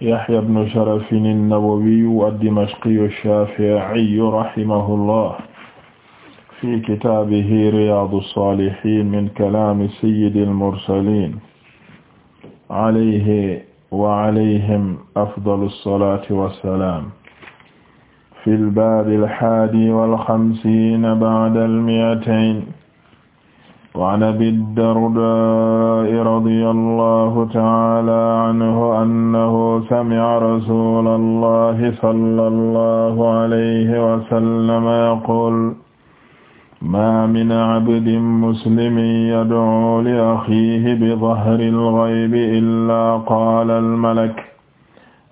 Yahya ibn Sharaf an-Nawawi ad-Dimashqi ash-Shafi'i rahimahullah fi kitaabihi Riyaadu s-Saalihiin min kalaami sayyidi l-mursaliin alayhi wa alayhim afdalu s-salaati wa s-salaam fi l-baabi l-haadi wal-xamsiina ba'da l-mi'atayn وعن أبي الدرداء رضي الله تعالى عنه أنه سمع رسول الله صلى الله عليه وسلم يقول ما من عبد مسلم يدعو لأخيه بظهر الغيب إلا قال الملك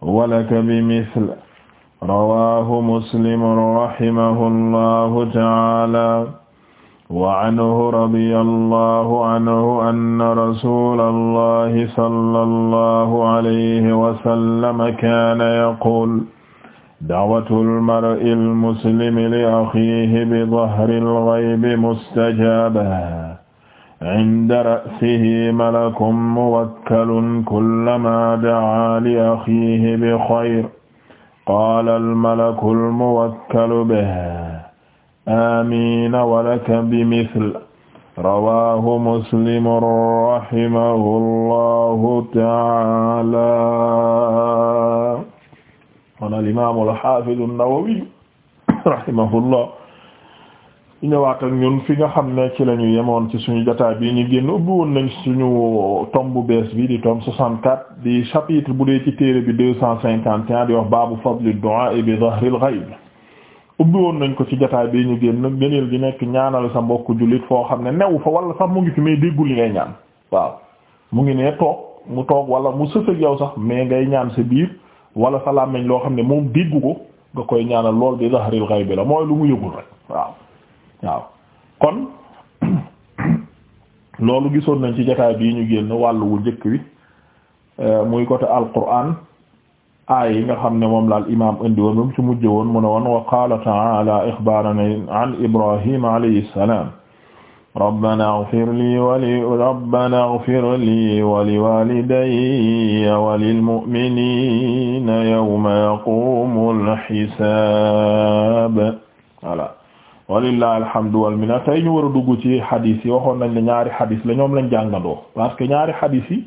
ولك بمثله رواه مسلم رحمه الله تعالى wa anhu radiyallahu anhu anna rasulallahi sallallahu alayhi wa sallam kaana yaqul da'watul mar'il muslimi li akhihi bi dahril ghaybi mustajaaba inda ra'sihi malakun muwakkalun kullamaa da'aa li akhihi bi khayr qaala al malakul muwakkalu bihi amina walaka bimithl rawahu muslim rahimahu allahu taala kon alimamu alhafidu nawawiyu rahimahullah ñëwaat ak ñun fi nga xam ne ci la ñu yemoon ci suñu jotaay bi ñu génn ubbi woon nañ suñu tome bu bees bi di tome 64 di chapitre bu dee ci téere bi 251 di wax baabu fadli du'a bi dhahril ghaib ubbi woon nañ ko ci jotaay bi ñu génn ngëneel gi nekk ñaanal sa mbokk jullit foo xam ne new fa wala sax mu ngi fi mais déggul ngay ñaan waaw mu ngi nee toog mu toog wala mu sës ak yow sax mais ngay ñaan si biir wala sa làmmiñ loo xam ne moom déggu ko nga koy ñaanal lool bi zahril ghayb la mooy lu mu yëgul rek waaw waaw kon loolu gisoon nañ ci jotaay bii ñu génn wàllu wu njëkk wi euh, muy côté Alquran aay yi nga xam ne moom la al imaam indi woon moom ci mujj woon mu ne woon wa qaala ta'aala ixbaaran an Ibraahiim alayhi salaam rabbanaa ighfir lii wa li rabbanaa ighfir lii wa liwaalidayya wa lil mu'miniina yawma yaquumul hisaab voilà walillaahi alhamdu wal minna tey ñu war a dugg ci xadis yi waxoon nañ ne ñaari xadis la ñoom lañ jàngandoo parce que ñaari xadis yi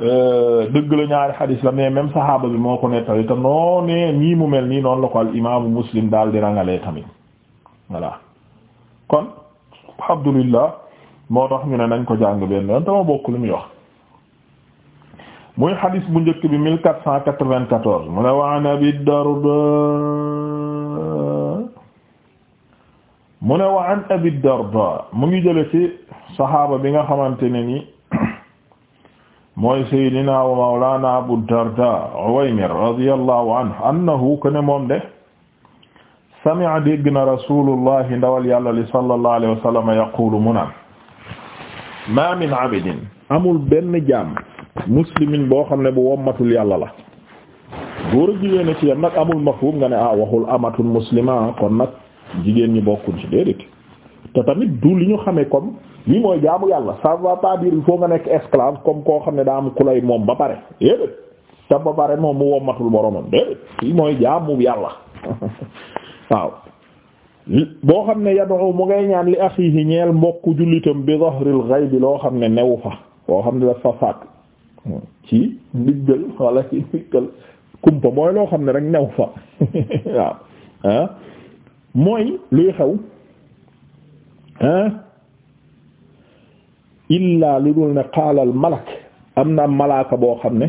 Euh, dëgg la ñaari xadis la mais même saxaaba bi moo ko nettali te noo nii mu mel nii noonu la ko al imaamu muslim daal di rangalee tamit voilà kon alhamdulillah moo tax ñu ne nañ ko jàng benn yoon dama bokk lu muy wax muy xadis bu njëkk bi mille quatre cent quatre-vingt-quatorze mu ne wa an abi darda mu ne wa an abi darda mu ngi jële ci saxaaba bi nga xamante ne ni mooy sayyidina wa mawlana Abu Darda Uwaymir radiyallahu anhu annahu kaana moom de sami'a dégg na rasulullahi ndawal yàlla li sallallahu alayhi wa sallam yaqulu ma min abidin amul benn jaam muslimin boo xam ne bu wommatul yàlla la góor a jigéen a ci yam nag amul mafhum nga ne ah waxul amatul muslima kon nag jigéen ñi bokkuñ ci déedéet tamit du li ñu xame comme lii mooy jaamu yàlla ça va pas dire nga nekk esclave comme koo xam ne daa am ku lay moom ba pare déedéet te ba pare moom mu wommatul boromam déedéet mooy jaamu yàlla waaw boo xam ne yad'u mu ngay ñaan li akhihi ñeel mbokku jullitam bi dhahril ghaib loo xam ne newu fa boo xam ne dafa faat ci ndiggal wala ci ndiggal kumpa mooy loo xam ne rek new fa waaw ah mooy luy xew illaa lu dul ne xaalal malak am na malaaka boo xam ne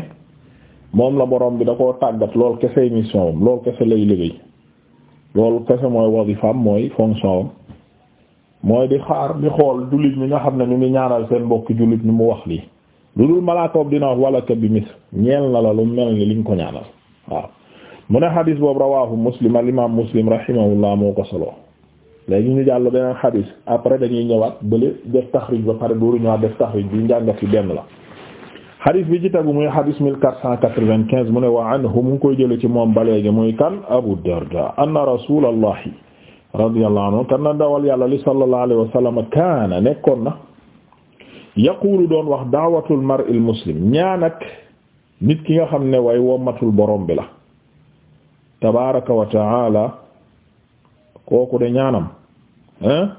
moom la borom bi da koo tàggat lool kese mission am lool kese lay liggéey loolu kese mooy wasifaam mooy fonction am mooy di xaar di xool jullit ñi nga xam ne ñu ngi ñaanal seen mbokki jullit ñi mu wax lii lu dul malaaka dina wax wala ka bi mis ñeel na la lu mel ni liñ ko ñaanal waaw mu ne xadiis boobu rawaahu muslim al imaam muslim rahimahullah moo ko solo léegi ñu jàll beneen xadis après dañuy ñëwaat bële def taxrij ba pare dooru ñëwaat def taxrij bi njàngat yi benn la xadis bi ci tegu muy xadis 1495 mu ne wa anhu mu ngi koy jële ci moom ba léegi muy kan Abu Darda anna rasulallahi radiyallahu anhu kan na dawal yàlla li sallallahu alayhi wa sallam kaana nekkoon na yaqulu doon wax daawatul mar'il muslim ñaan ak nit ki nga xam ne way wommatul borom bi la tabaraka wa taala kooku de ñaanam hein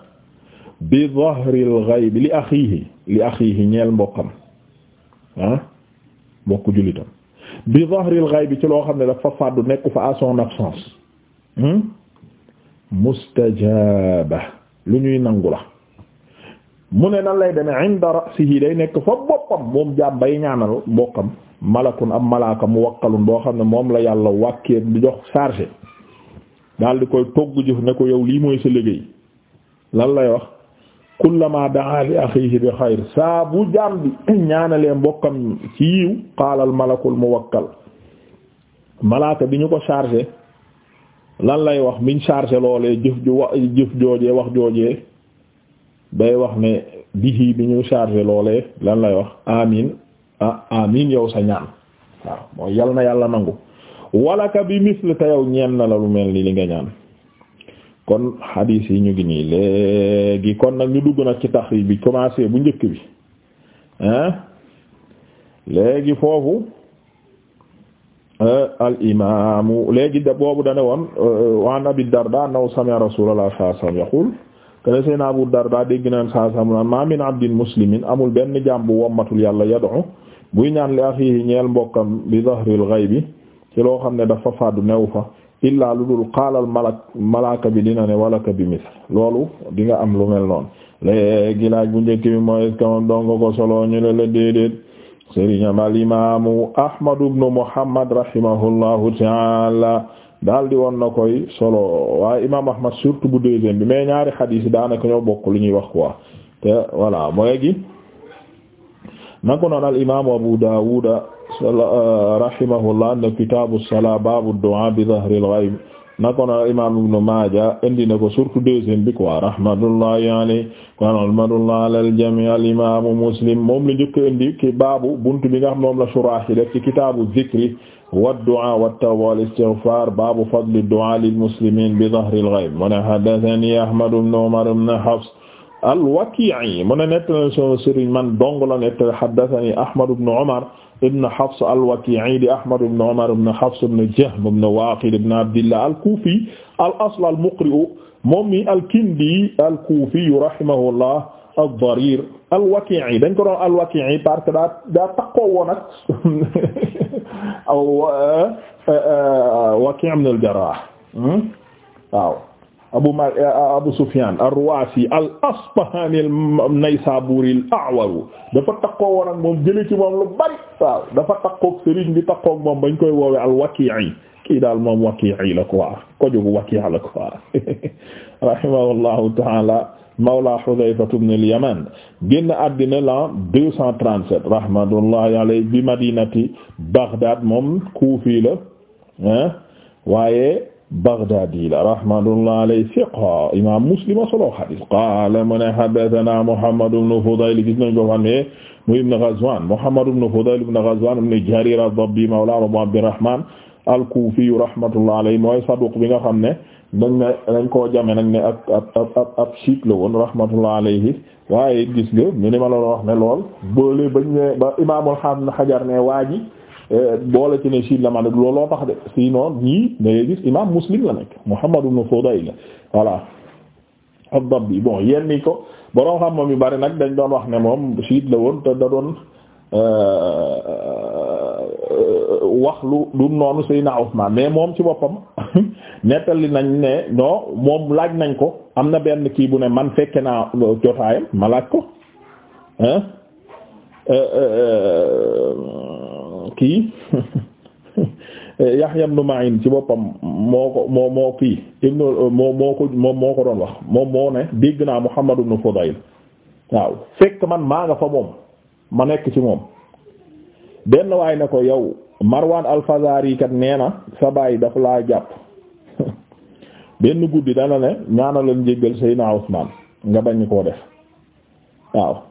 bi zahril ghaib li akhihi li akhihi ñeel mbokkam ah mbokku jullitam bi zahril ghaib ci loo xam ne dafa fàddu nekk fa à son absence mustajaba lu ñuy nangu la mu ne nan lay demee inda ra'sihi day nekk fa boppam moom jaam bay ñaanal mbokkam malakun am malaaka muwakkalun boo xam ne moom la yàlla wàkkee di jox chargé daal di koy togg jëf ne ko yow lii mooy sa liggéey lan lay wax kullama daa li axiihi bi xayr saa bu jaam bi ñaanalee mbokkam ci yiw xaalal malakul muwakkal malaaka bi ñu ko chargé lan lay wax miñ chargé loolee jëf ju wax jëf joojee wax joojee day wax ne bihi bi ñu chargé loolee lan lay wax amin ah amin yow sa ñaan waaw mooy yal na yàlla nangu walaka bi misli te yow ñeen na la lu mel ni li nga ñaan kon hadis yi ñu ngi nii léegi kon nag ñu dugg nag ci tax bi commencé bu njëkk bi hein léegi foofu euh, al imaamu léegi da boobu dane woon euh, waan abi darda sa sami'a rasulullah sallallahu alayhi wasallam yaqul kene sayna abu darda dégg na sallallahu alayhi wasallam ma min abdin muslimin amul benn jaam bu wommatul yàlla yad'u buy ñaan li akhihi ñeel mbokkam bi zahril ghaibi ci xam ne dafa faddu new fa illaa lu dul xaalal malaka bi dina ne walaka bi misl loolu di nga am lu mel noonu léegi laaj bu njëkk bi mooy est-ce que moom donga ko solo ñu le la déedéet sëriñam al imamu ahmadu muhammad rahimahullahu taala daal di woon na koy solo waaye imam ahmad surtout bu deuxième bi mais ñaari xadiis yi daanaka ñoo bokk lu ñuy wax quoi te voilà mooy gi nako al imamu abu daawuda Euh, rahimahullah ne kitaabu salaa baabu du'a bi zahril ghaib naka la imaam ibn Maaja indi na ko surtout deuxième bi quoi rahmatullahi alayhi wa rahmatullahi alal jamii al imaamu Muslim moom la njëkk a indi ki baabu buntu bi nga xam moom la shuraax yi def ci kitaabu zikri wa du'a wa tawba wal istighfar baabu fadli du'a lil muslimiin bi zahril ghaib mu ne haddathanii Ahmad ibn Umar ibn Hafs al-Waki'i mu ne nettali sunu sëriñ man dong la nettali haddathanii Ahmad ibn Umar ibn Hafs al-Waki'i di Ahmad ibn Umar ibn Hafs ibn Jahm ibn Waqid ibn Abdillah al-Kufi al-asl al-muqri' moom mi al-Kindi al-Kufi rahimahullah ad-Darir al-Waki'i dañ ko doon al-Waki'i parce que daa daa taqoo woon ak aw Waki' ibn al-Jarrah hmm? waaw abu ma eh, abu sufyan ar-ruwasi al-asbahani an-naysaburi al-a'war dafa takkoo moom jëlee moom lu bari dafa takkoog moom bañ koy woowee al-waqi'i kii daal moom waqi'i la quoi ko jógu waqi' la quoi rahimahullahu ta'ala mawla Hudhayfah ibn al-Yaman génn àddina la 237 rahmatullahi alayhi bi madinati Baghdad moom kuufi la waaye Baghdadi la rahmatullah alayhi siqa imam Muslim solo hadis qaala mu ne haddathana Muhammad ibn Fudayl gis nañ ko fan ne mu ibn Ghazwan Muhammad ibn Fudayl ibn Ghazwan ibn Jarir ad-Dabbi mawla Abu Abdirrahman al-Kufi rahmatullah alayhi mooy saduq bi nga xam ne dañ ne dañ koo jame nag ne ak ab ab ab siik la woon rahmatullah alayhi waaye gis nga ñu ni lool boole bañ Hajar ne waaji boole ci ne siit la ma ne looloo tax de sinon ñii da ngay gis imam muslim la nekk Muhammad ibn Fudayl voilà ad-Dabbi bon yenn ko borom xam moom yu bari nag dañ doon wax ne moom siit la woon te da doon euh, euh, wax lu du noonu Seydina Usmaan mais moom ci boppam nettali nañ ne non moom laaj nañ ko am na benn kii bu ne man fekke naa euh, jotaayam ma laaj ko. kii Yahya ibn Ma'in ci boppam moo ko moo kii ibn moo ko doon wax moom moo ne dégg naa Muhammad ibn Fudayl waaw fekk man maa nga fa moom ma nekk ci moom benn waay ne ko yow Marwan al-Fazari kat nee na sa baay dafa laa jàpp benn guddi dana ne ñaanalal njéggal Seydina Usmaan nga bañ koo def waaw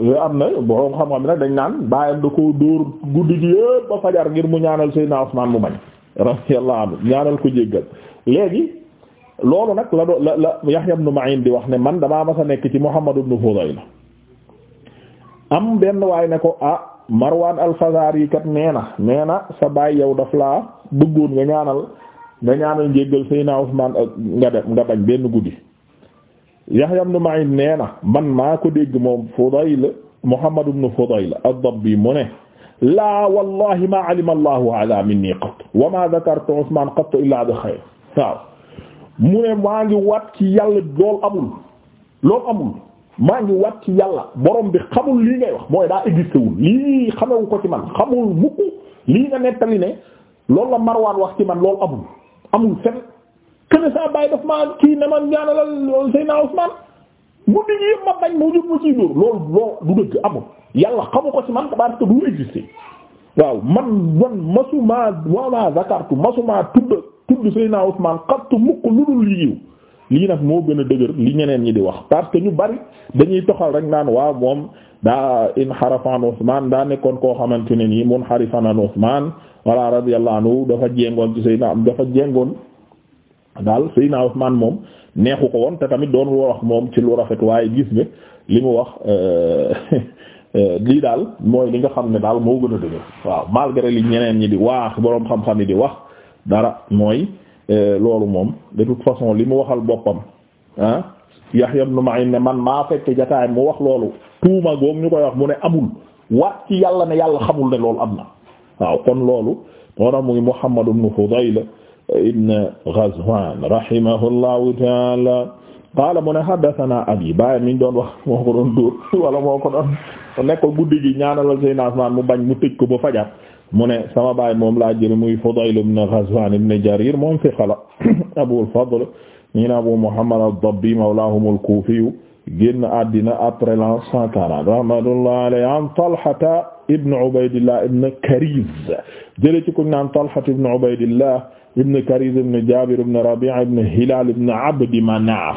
Euh, am na boroom xam-xam ne dañ naan baayam da koo dóor guddi gi yëpp fajar ngir mu ñaanal Seydina Usmaan mu bañ radiyallahu anhu ñaanal ko jéggal léegi nag la do la la Yahya di wax ne man dama mas a nekk ci Muhammad ibn Fudayl am benn waay ne ko ah Marwan al yi kat nee na nee na sa baay yow daf laa bëggoon nga ñaanal nga ñaanal jéggal Seydina Usmaan nga nga bañ benn guddi Yahya ibn ma nee na man maa ko dégg moom Fudayl Muhammad ibn Fudayl ad-Dabbi mu ne laa wallahi ma alima Allahu minni qat wa ma dhakartu bi xayr mu ne maa ngi wat ci yàlla lool amul lool amul maa ngi wat ci yàlla borom bi xamul lii ngay wax mooy daa existé wul lii xamewu ko ci man xamul mukk lii ne loolu la Marwaan wax ci man loolu amul kene sa baay daf ma kii ne ma ñaanalal Seydina Ousmane mu nit ñi yëpp ma bañ mu jub mu ciy dóor loolu loolu du dëgg amul yàlla xamu ko ci man parce que du exister waaw man man masuma wala zakartu masuma tudd tudd Seydina Ousmane xattu mukk lu dul yiw lii nag moo gën a dëgër li ñeneen ñi di wax parce que ñu bari dañuy toxal rek naan waaw moom daa inxarafan Ousmane daa nekkoon koo xamante ne nii mun xarifan an Ousmane wala radiyallahu anhu dafa jéngoon ci Seydina am dafa jéngoon daal Seydina Usmaan moom neexu ko woon te tamit doon wax moom ci lu rafet waaye gis nga li mu wax euh, euh, lii daal mooy li nga xam ne daal moo gën a dëgër waaw malgré li ñeneen ñi di wax boroom xam-xam yi di wax dara mooy euh, loolu moom de toute façon li mu waxal boppam ah Yahya ibn Ma'in ne man maa fekk jataay mu wax loolu tuuma goog ñu koy wax mu ne amul waat ci yàlla ne yàlla xamul ne loolu am na waaw kon loolu moo tax muy Muhammad ibn Fudayl ibn Ghazwan rahimahullahu taala qaala mu ne haddathana abi bàyyi mi ñu doon wax moo ko doon dóor wala moo ko doon nekk guddi gi ñaanalal Seydina Usmaan mu bañ mu tëj ko ba fajar mu ne sama baay moom laa jël muy Fudayl ibn Ghazwan ibn Jarir moom thiqa la Abul Fadl ñi ne Abu Muhammad ad-Dabbi mawlaahum al-Kufi génn àddina après l'an 140 rahmatullahi alayhi an Talha ibn Ubaydillah ibn Kariz jële ci ku ñu naan Talha ibn Ubaydillah ibn Kariz ibn Jabir ibn Rabi'a ibn Hilal ibn Abdi Manaf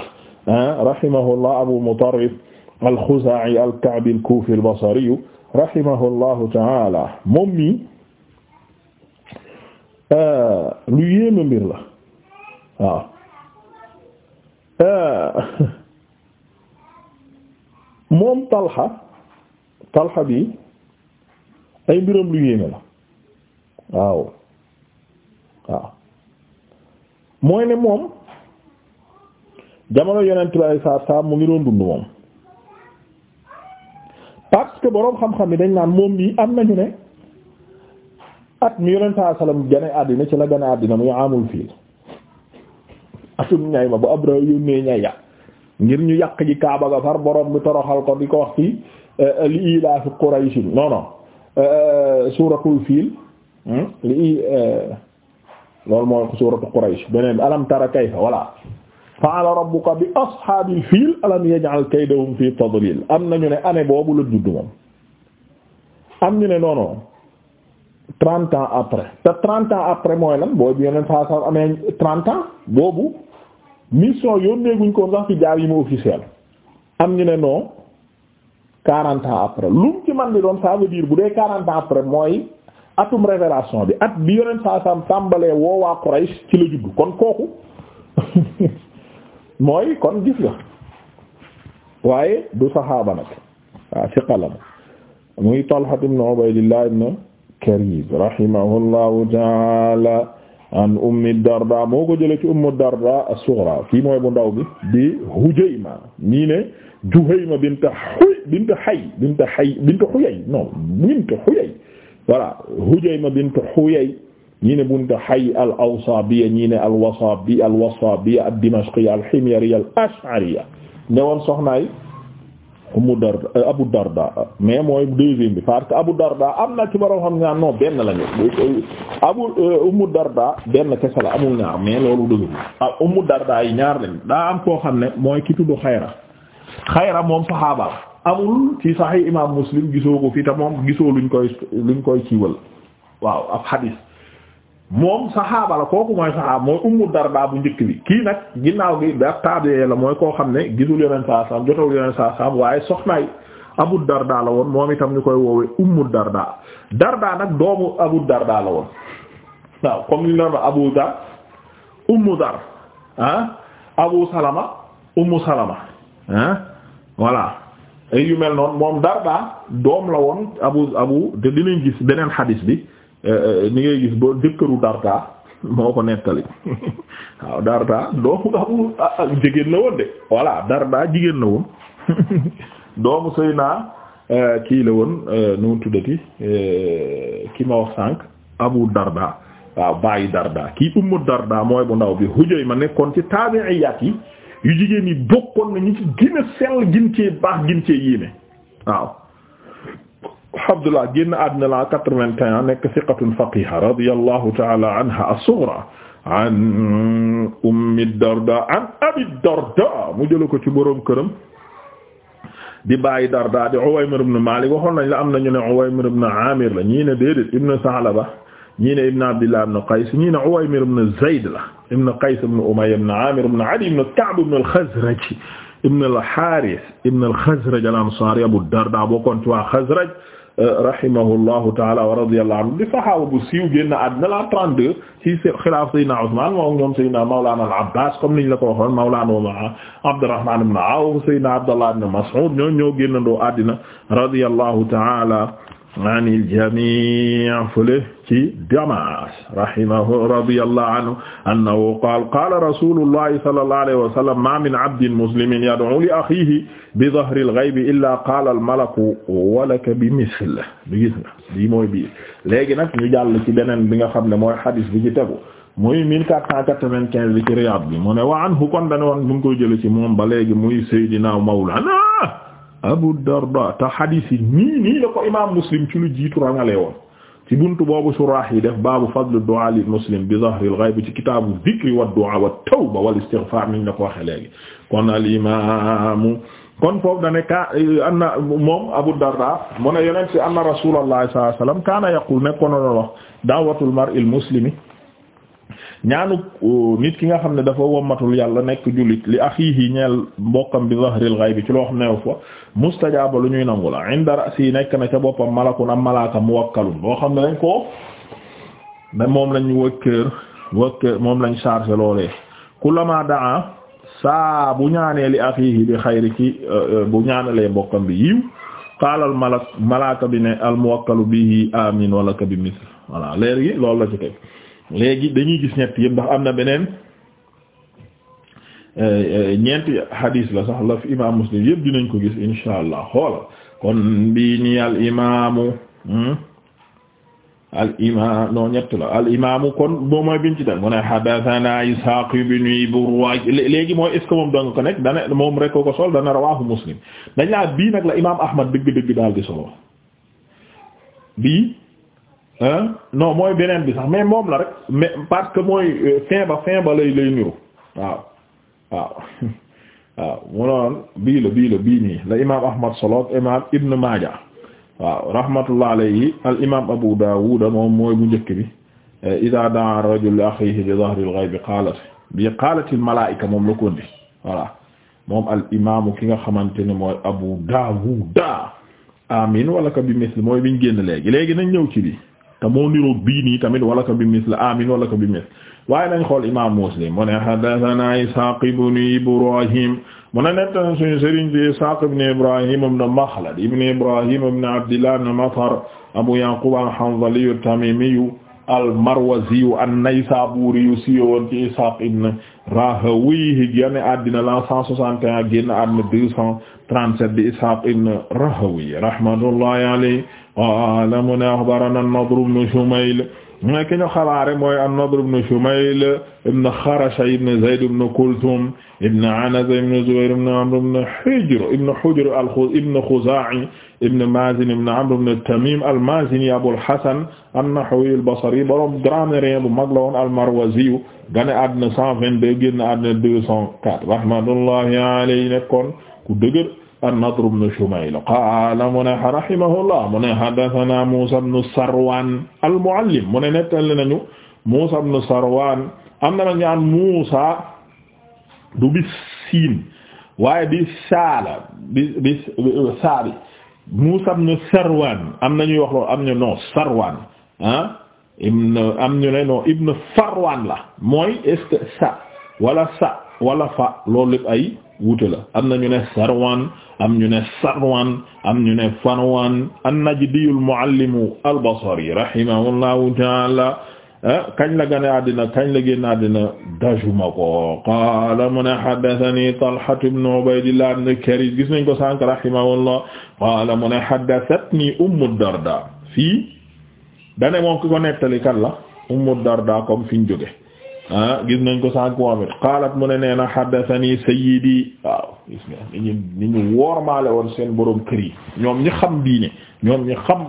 ah, rahimahullah Abu Mutarrif al-Khuza'i al-Ka'bi al-Kufi al-Basri rahimahullahu ta'ala moom mi ah, lu yéeme mbir la waaw ah, moom Talha Talha bi ay mbiram lu yéeme la waaw waaw mooy ne moom jamono yonent bi saa mu ngi doon dund moom parce boroom xam-xam yi dañ naan moom mii am nañu ne at mi yonent saa salaam gane àddina ci la gane àddina muy amul fii atum ñay ma bu abra yónnee ñay ya ngir ñu yàq ji kaaba ga boroom bi toroxal ko di ko wax ci eh, li ilaafi Quraysh non non eh, eh, suuratul fiil hmm, li loolu mooy suuratu Quraysh beneen alam tara kayfa wala fa'ala rabbuka bi ashaabil fiil alam yaj'al kaydahum fi tadlil am nañu ne année boobu la judd moom am ñu ne non non trente ans après te trente ans après mooy lan boobu yeneen saa saa guñ ko sax ci jaar yi mu officiel am ñu ne non quarante ans après lu mu ci man di doon ça veut bu dee quarante ans après mooy. atum révélation bi at bi yonent saa saam tàmbalee ci la juddu kon kooku mooy kon gis waaye du saxaaba nag waa siqa la muy Talha ibn Ubaydillah ibn Karib rahimahullahu taala an Ummi Darda moo ko jëlee ci Ummu Darda as-Sughra mooy bu ndaw bi di Hujayma ñii ne Juhayma bint Huy bint Hay bint Hay bint voilà Hujayma bint Huyay ñi ne bint Hayy al-Awsabiya ñi ne al-Wasabi al-Wasabiya ad-Dimashqiya al-Himyariya al-Ash'ariya ne woon soxnaay Ummu Darda euh, Abu Darda mais mooy deuxième bi parce que Abu Darda am na ci borom xam ñaar non benn lañu Abu euh, Ummu Darda benn kese la amul ñaar mais loolu dëgg ah Ummu yi ñaar lañu am koo xam ne mooy ki tudd Xayra Xayra moom saxaaba amul ci Sahih imam Muslim gisoo ko fi te moom gisoo luñ koy luñ koy ciwal waaw ab hadis moom saxaaba la kooku mooy saxaaba mooy ummu darda bu njëkk bi kii nag ginnaaw gi da taabee la mooy koo xam ne gisul yeneen saa saam jotawul yeneen waaye soxnaay abu darda la woon moom itam ñu koy woowee ummu darda darda nag doomu abu darda la woon waaw comme ni ñu doon abu dar ummu dar ah abu salama ummu ah, ay yu mel noonu moom Darda doom la woon abu abu te dinañ gis beneen xadis bi eh, eh, ni ngay gis boo jëkkëru Darda moo ko nettali waaw Darda doomu abu ah, ah, jigéen la woon de voilà Darda jigéen la woon doomu sëy naa eh, kii la woon nu mu tuddati ki ma wax sànq abu Darda waaw bàyyi Darda kii ummu Darda mooy bu ndaw bi ma nekkoon ci taabi'iyaat yi yu jigéen ñi bokkoon na ñu ci gën a sell gin cee baax gin cee yéeme waaw Abdullah génn àddina la quatre-vingt-un ans nekk ci faqiha radiyallahu ta'ala anha as-sughra an ummi darda an darda mu jëla ko ci boroom këram di bàyyi darda di Uwaymir ibn Malik waxoon nañ la am nañu ne Uwaymir ibn Amir la ñii ne déedéet ibn ñii ne ibn Abdillah ibn Qays ñii ne Uwaymir ibn Zayd la ibn Qays ibn Umayya ibn Amir ibn Adi ibn Ka'b ibn al-Khazraj ibn al-Harith ibn al-Khazraj al-Ansari Abu Darda bokkoon ci waa Khazraj rahimahullahu ta'ala wa radiyallahu anhu di sahaaba bu siiw génn àddina la 32 ci xilaaf Sayyidina Usman moom moom Sayyidina Mawlana al-Abbas comme niñ la ko waxoon Mawlana wa Abdurrahman ibn Awf Sayyidina Abdullah ibn Mas'ud ñoo ñoo génnandoo àddina radiyallahu ta'ala anil jami' fële ci Damas rahimahu radiyallahu anhu annahu qaala qaala rasulullahi sallallahu alayhi wa sallam ma min abdin muslimin yad'u li akhihi bi dhahri al-ghaybi illa qaala al-malaku wa laka bi mislihi bi gis na bii mooy bii léegi nag ñu jàll ci beneen bi nga xam ne mooy hadis bi ci tegu muy 1495 bi ci Riyad bi mu ne wa anhu kon dañu woon bu ngi koy jële ci moom ba léegi muy Seydina Mawlana Abu Darda te hadis yi nii nii ko imaam Muslim ci lu jiitu rangalee ci buntu boobu surah yi def baabu fadlu du'a lil muslim bi zahril ghaib ci kitaabu dhikri wa du'a wa tawba wal istighfar niñ la ko waxe léegi kon al imaamu kon foofu dane ka anna moom Abu Darda mu ne yonent si anna rasulullah sallallahu alayhi wasallam kaana yaqul nekkoon na wax da'watul mar'il muslimi ñaanu uh, nit ki nga xam ne dafa wommatul yàlla nekk jullit li axiihi ñeel mbokkam bi zahril ghaybi ci loo xam ne fa mustajaaba lu ñuy nangu la inda ra'si nekk na ca boppam malakun am malaaka muwakkalun boo xam ne lañ ko da moom lañ wëkkër wëkkër moom lañ chargé loolee kullama daa saa bu ñaanee li axiihi bi xayri ci uh, uh, bu ñaanalee mbokkam bi yiw qaalal malak malaaka bi ne al muwakkalu bihi amin wala ka bi misl voilà léegi loolu la ci teg léegi dañuy gis ñett yëpp ndax am na beneen euh, euh, ñeenti hadis la sax la fi imam muslim yëpp dinañ ko gis insha allah xoola kon bi ni al imaamu hmm? al imaam non ñett la al imaamu kon boo mooy biñ ci dal mu ne hadathana ishaq ibn burayj léegi mooy est ce que moom danga ko nekk dana moom rek ko sol dana rawahu muslim dañ laa bii nag la imam ahmad dëgg-dëgg daal di solo bii non mooy beneen bi sax mais moom la rek mais que mooy euh, fin ba lay lay niru waaw waaw mu noon bii la bii la bii nii la imam ahmad solo imam ibn maaja rahmatullah alayhi al abu daawud moom mooy bu njëkk bi eh, ida daa rajul li akhihi bi dhahri al ghaib qalat bi qalat al malaika moom la ko ndi moom al ki nga xamante ne mooy abu daawud amin wala ka bi misli mooy biñ génn léegi léegi nañ ñëw ci bi te moo niroog bii nii tamit wala ko bi misl amin wala ko bi misl waaye nañ xool imam muslim mu ne hadathana ishaq ibn ibrahim mu ne nettan suñu sëriñ ci ishaq ibn ibrahim ibn makhlad ibn ibrahim ibn abdillah ibn matar abu yaqub al-hanzali at-tamimi al-marwazi an-naysaburi yu siiwoon ci ishaq ibn Rahawihi génn àddina la 161 génn àddina 237 bi Ishaq ibn Rahawi rahmatullahi alayhi qaala mu ne axbarana an-Nadr ibn Shumayl mooy ki ñu xabaare mooy an-Nadr ibn Shumayl ibn Kharasha ibn Zayd ibn Kulthum ibn Anas ibn Zubayr ibn Amr ibn Hujr ibn Hujr ibn Khuza'i ibn Mazin ibn Amr ibn Tamim al-Mazini Abul Hasan an-Nahwi al-Basri borom grammaire bu mag la woon al-Marwazi gane àdduna cent vingt-deux génn àdduna deux cent nekkoon ku dëgër an-Nadr ibn Shumayl qaala mu ne rahimahullah mu ne haddathana Muusaa ibn Sarwaan al-Muallim mu ne nettali nañu Muusaa ibn Sarwaan am na nag ñaan Muusaa du bi siin waaye bi saala bi bi saabi Muusaa am nañuy wax loolu am na non Sarwaan ah ibn am ñu ne non ibn Farwan la mooy est-ce que sa wala sa wala fa loolu lépp ay wuute la am na ñu ne Sarwan am ñu ne Sarwan am ñu ne Farwan an-Najdi al-muallimu al-Basri rahimahullahu ta'ala eh, kañ la gane àddina kañ la génn àddina dajuma ko qaala mu ne haddathani Talha ibn Ubaydillah ibn Karis gis nañ ko sànk rahimahullah qaala mu ne haddathatni Ummu Darda fii dane moom ki ko nettali kan la Ummu Darda comme fi ñu jóge ah gis nañ ko sànq moom qaalat mu ne nee na haddathani sayyidi waaw gis nga ni ñu ni ñu woormaale woon seen borom kër yi ñoom ñi xam diine ñoom ñi xam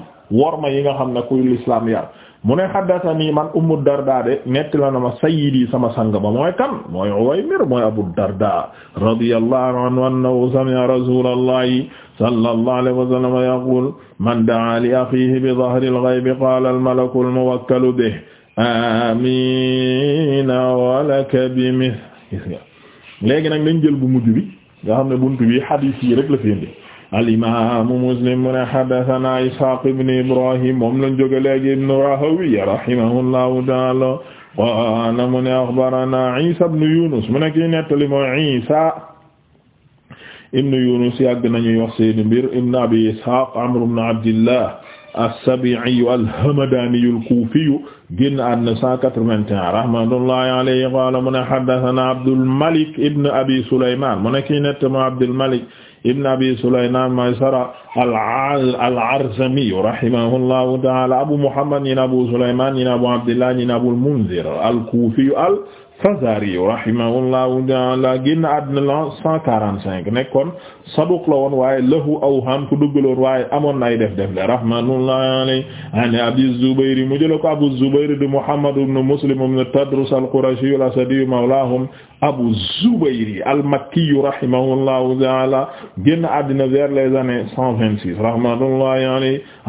ma yi nga xam ne kuy l'islam yar mu ne xaddatani man ummu darda de netti la na ma sayyidi sama sang ba mooy kan mooy Uwaymir mooy abu darda radiyallahu anhu annahu sami'a rasulallahi sallallahu alayhi wa sallam yaqul man da'a li akhihi bi dhahri al-ghaybi qala al-malaku al-muwakkalu bihi amina wa laka bi mis gis nga léegi nag lañ jël bu mujj bi nga xam ne buntu bi hadith yi rek la fi indi alimamu Muslim mu ne haddathana Ishaq ibn Ibrahim moom lañ jóge léegi ibn Rahawiya rahimahullahu ta'ala qaala mu ne akhbarana Isa ibn Yunus mu ne kii nettali mooy Isa ibn Yunus yàgg nañuy wax seen mbir ibn Abi Ishaq Amr ibn Abdillah as-Sabi'i al-Hamadani al-Kufi génn àddina 181 rahmatullahi alayhi qaala mu ne haddathana Abdul Malik ibn Abi Sulayman mu ne kii nettali mooy Abdul Malik ibn abi sulayman maysara al-arzami rahimahullahu ta'ala abu muhammad ñi abu sulayman ñi abu abdillah ñi abul munzir al-kufi al Fazari rahimahullahu ta'ala génn àddina la 145 nekkoon saduq la woon waaye lahu awham ku duggaloon waaye amoon nay def def la rahmatullahi alayhi an Abi Zubayr mu jël ko Abu Zubayr de Muhammad ibn Muslim ibn Tadrus al-Qurashi al-Asadi mawlahum Abu Zubayr al-Makki rahimahullahu ta'ala génn àddina vers les années 126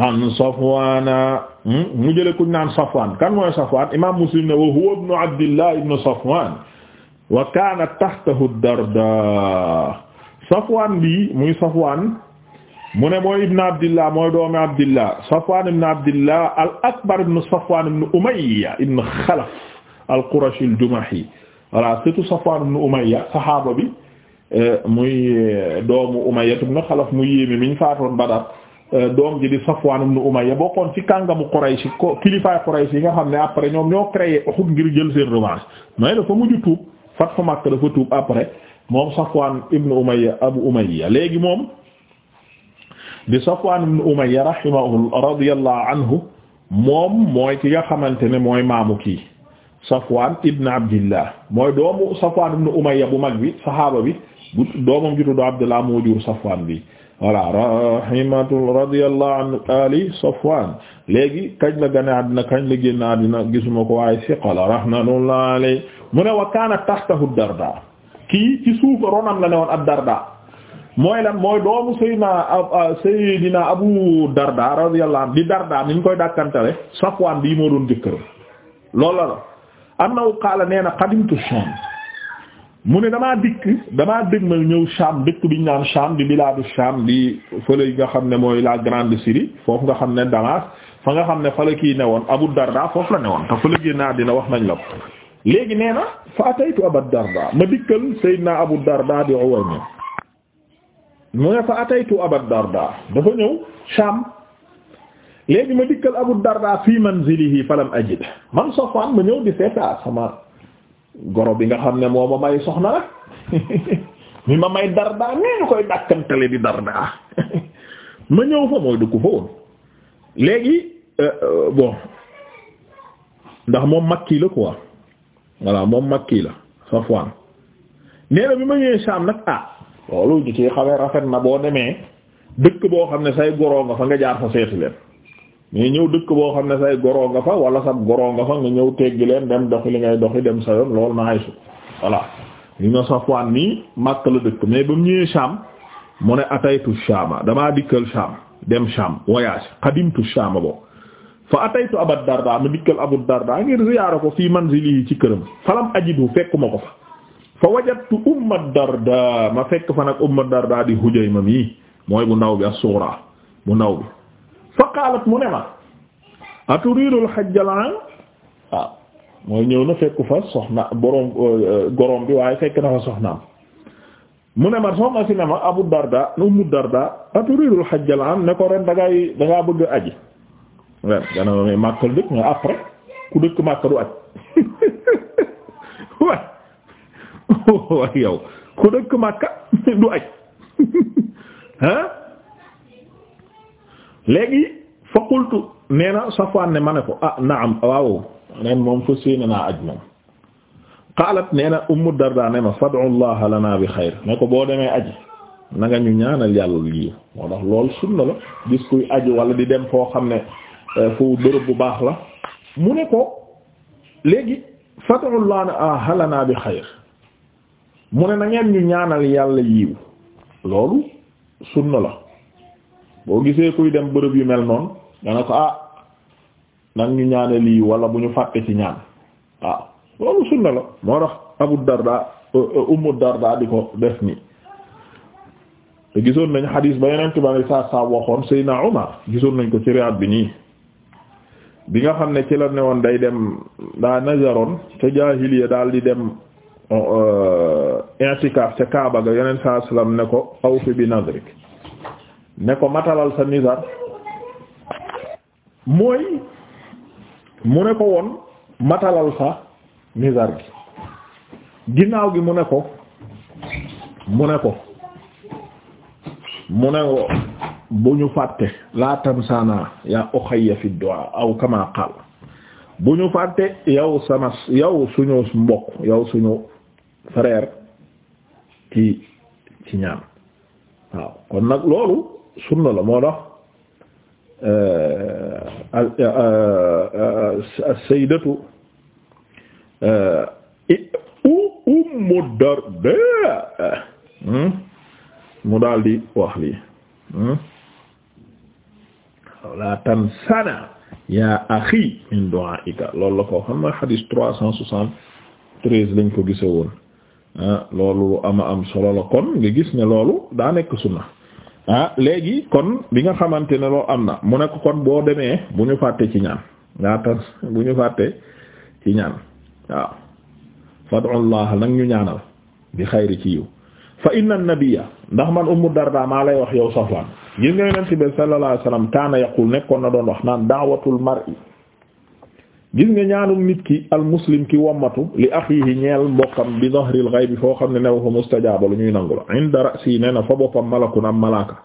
an Safwaana hmm? mu jële kuñ naan Safwaan kan mooy Safwaan imaam Muslim ne wa huwa ibnu Abdillah ibnu Safwaan wa kaana tahtahu Dardaa Safwaan bi muy Safwaan mu ne mooy ibnu Abdillah mooy doomi Abdillah Safwaan ibnu Abdillah al-Akbar ibnu Safwaan ibnu Umayya ibnu Xalaf al-Qurashi al-Jumahi voilà surtout Safwaan ibnu Umayya saxaaba bi eh, muy eh, doomu Umayya ibnu Xalaf mu yéeme miñ faatoon Badar Euh, doom ji di Safwan ibn Umayya bokkoon ci kàngamu Quraysh ko kilifaay Quraysh nga xam ne après ñoom ñoo créé Uhud ngir jël seen revanche mais dafa mujj tuub fathu Makka dafa tuub après moom Safwan ibn Umayya Abu Umayya léegi moom di Safwan ibn Umayya rahimahu radiyallahu anhu moom mooy ki nga xamante ne mooy maamu kii Safwan ibn Abdillah mooy doomu Safwan ibn Umayya bu mag bi saxaaba bi bu doomam jur Safwan bi voilà rahimatul radiyallahu an ali léegi kañ la gane àddina kañ la génn àddina gisuma ko waaye siqa la rahmatullahi alayhi mu ne wa kaana tahtahu darda kii ci suuf ronam la ne woon ab darda mooy lan mooy doomu sayyidina sayyidina abu darda radiyallahu anhu darda niñ koy dàkkantale Safwan bii moo doon jëkkëram la la annahu qaala nee na qadimtu Sham mu ne damaa dikk damaa dëgmal ñëw Sham dëkk bi ñu naan Sham di bilaadu Sham di fële nga xam ne mooy la grande Syrie foofu nga xam ne Damas fa nga xam ne fa la kii newoon Abu Darda foofu la newoon te fële génnaa dina wax nañ la ko léegi nee na fa ataytu Abu Darda ma dikkal Seydina Abu Darda di Uwayna mu ne fa ataytu Abu Darda dafa ñëw Sham léegi ma dikkal Abu Darda fii manzilihi falam ajid man Safwan ma ñëw di seeta ah, sama goro bi nga xam ne moo ma may soxna la mi ma may dardaa nii ñu koy dàkkantale di dardaa ma ñëw fa mooy dugg fa woon léegi euh, euh, bon ndax moom kii la quoi voilà moom kii la Safwan nee na bi ma ñëwee Sham nag ah loolu ñu ci xamee rafet na boo demee dëkk boo xam ne say goroo nga fa nga jaar fa seeti leen mais ñëw dëkk boo xam ne say goroo nga fa wala sa goroo nga fa nga ñëw teggi leen dem doxi li ngay doxi dem sa yoon loolu naay su voilà li nga la dëkk mais ba mu ñëwee Sham ne ataytu Shama damaa dikkal Sham dem Sham voyage qadimtu Shama bo fa ataytu Abad Darda ma dikkal Abu Darda ngir ziyaara ko fii manzili ci këram falam ajidu fekkuma ko fa fa wajadtu Umma Darda ma fekk fa nag Umma Darda di mooy bu ndaw bi as-sughra bu ndaw bi fa qaalat mu ne ma aturiidul hajja al mooy ñëw na fekku fa soxna borom euh, gorom bi waaye fekk na fa soxnaam mu ne ma soxna si ne Abu Darda Ummu Darda aturiidul hajja al ne ko ren da ngay bëgg aji ren dana ma may màkkal dëkk ku dëkk màkka du aj waay waay ku dëkk màkka du aj ah léegi fa qultu nee na Safwaan ne ma ne ko ah naam waaw nen moom fa séena naa aj moom qaalat nee na Ummu Dardaa ne ma fad'u Allah lana bi xayr ne ko boo demee aji na ñu ñaanal yàlla lii moo tax lool sunna la gis kuy aji wala di dem foo xam ne euh, fu bërëb bu baax la mu ne ko léegi fad'u Allah lana bi xayr mu ne na ngeen ñu ñaanal yàlla yiiw loolu sunna la boo gisee kuy dem bërëb yu mel noonu nga ko ah nag ñu ñaane lii wala bu ñu fàtte ci ñaan waaw loolu sunna la moo tax Abu Darda euh, euh, Ummu Darda di ko def nii te gisoon nañ xadiis ba yeneen tubaab yi saa saa waxoon Seydina Umar gisoon nañ ko ci Riyad bi nii bi nga xam ne ci la woon day dem daa najaroon ca jaahiliya daal di dem euh, i'tikaaf ca Kaaba ga yeneen saa salaam ne ko awfi bi nazrik ne ko matalal sa nizar mooy mu ne ko woon matalal sa nizar gi ginnaaw gi mu ne ko mu ne ko mu ne ko bu ñu fàtte laa tamsaana yaa ukhayya fi du'a aw kama qaal bu ñu fàtte yow sama yow suñu mbokk yow suñu frère ki ci ñaan waaw kon nag loolu sunna la moo tax euh, euh, euh, as-sayyidatu ummu darda hmm? mu daal di wax lii hmm? la tansana ya akhi min du'aika loolu la ko xam na hadis trois cent soixante treize lañ ko gise ah, loolu ama am solo gis ne loolu daa nekk sunna ah léegi kon bi nga xamante ne loo am na mu nekk kon boo demee bu ñu fàttee ci ñaan ngaa tan bu ñu fàtte ci ñaan waaw fad'ullah nag ñu ñaanal bi xayri ci yiw fa inna nabiyya ndax man ummu daa maa lay wax yow Safwan gis nga yonent bi sallallahu alayhi wasallam kaana yaqul nekkoon na doon wax naan daawatul mar'i gis nga ñaanum nit ki al muslim ki wammatu li axiihi ñeel mbokkam bi zahril ghayb foo xam ne new fa mustajaaba lu ñuy nangu la inda ra'si ne na boppam malakun am malaaka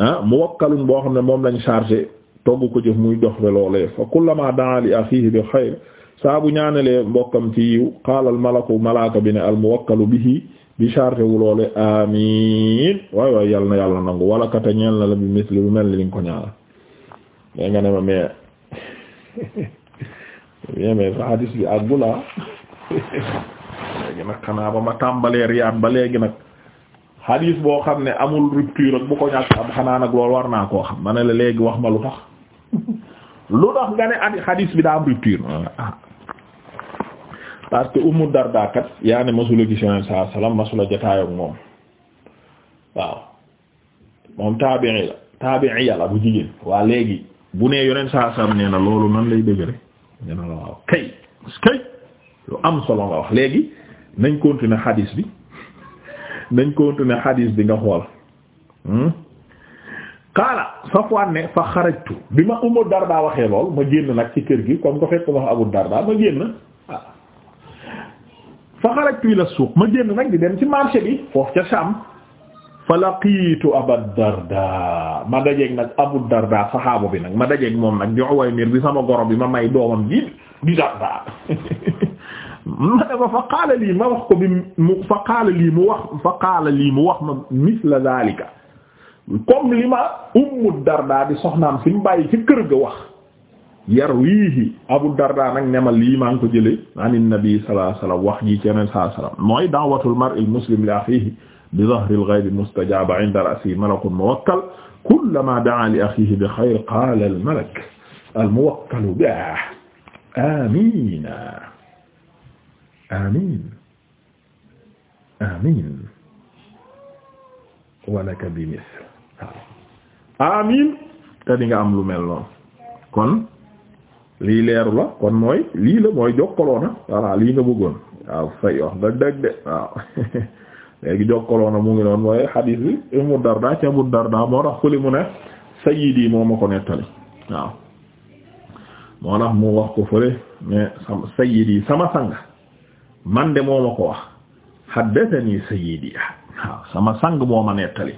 ah muwakkalun boo xam ne moom lañ chargé togg ko jëf muy dox be loolee fa kullama daa li axiihi bi xayr saa bu ñaanalee mbokkam ci yiw qaala al malaku malaaka bi ne al muwakkalu bihi bi chargé wu loole amiin waay waay yàlla na yàlla nangu wala kata ñeel na la bi misli bu mel ni li ko ñaanal bien mais sa hadis bi àggul ah léegi nag xanaa ba ma tàmbalee riyaat ba léegi nag hadis boo xam ne amul rupture bu ko ñàkk am xanaa nag loolu war naa koo xam ma ne la léegi wax ma lu tax lu tax nga ne a hadis bi daa am rupture ah parce que Ummu Darda kat yaa ne masula gis yoneen saa salaam masula jotaay ak moom waaw moom taabi'i la taabi'i yàlla bu jigéen waa léegi bu nee yoneen saa salaam nee na loolu nan lay dëgëre ñu ne la waaw kay kay lu am solo nga wax léegi nañ continuer xadiis bi nañ continuer xadiis bi nga xool hmm? qaala Safwaan ne fa xarajtu bi ma Umu daa waxee lool ma génn nag ci kër gi comme ko fekk ma wax Abu Darda ma génn fa xarajtu ila suuq ma génn nag di dem ci marché bi foofu ca Sham fa laqiitu Abu Darda ma dajeeg nag Abu Darda saxaabu bi nag ma dajeeg moom nag di Uwaymir bi sama goro bi ma may doomam ji di Darda ma ne ko fa qaala lii ma wax ko bi mu fa qaala lii mu wax fa qaala lii mu wax ma misla zaalika comme li ma Ummu Darda di soxnaam si mu bàyyi ci kër ga wax yarwiihi Abu Darda nag ne ma lii maa ngi ko jëlee an nabi sallallahu alayhi wasallam wax ji ci yeneen sallallahu alayhi wasallam mooy da'watul mar'il muslim li akhihi bi zahril ghaybi mustajaba inda ra'si malakun muwakkal kullama da'a li akhihi bi khayr qala al malak al muwakkal bihi amin amin amin wa laka bi misl amin te di nga am lu mel noonu kon lii leeru la kon mooy lii la mooy jokkaloona voilà lii nga bëggoon waaw fay wax nga dëgg de waaw léegi jokkaloona mu ngi noonu mooy xadiis bi Abu Darda ci Abu Darda moo tax fële mu ne sayyidi moo ma ko nettali waaw moo tax mu wax ko fële mais sama sayyidi sama sang man de moo ma ko wax haddathani sayyidi waaw sama sang moo ma nettali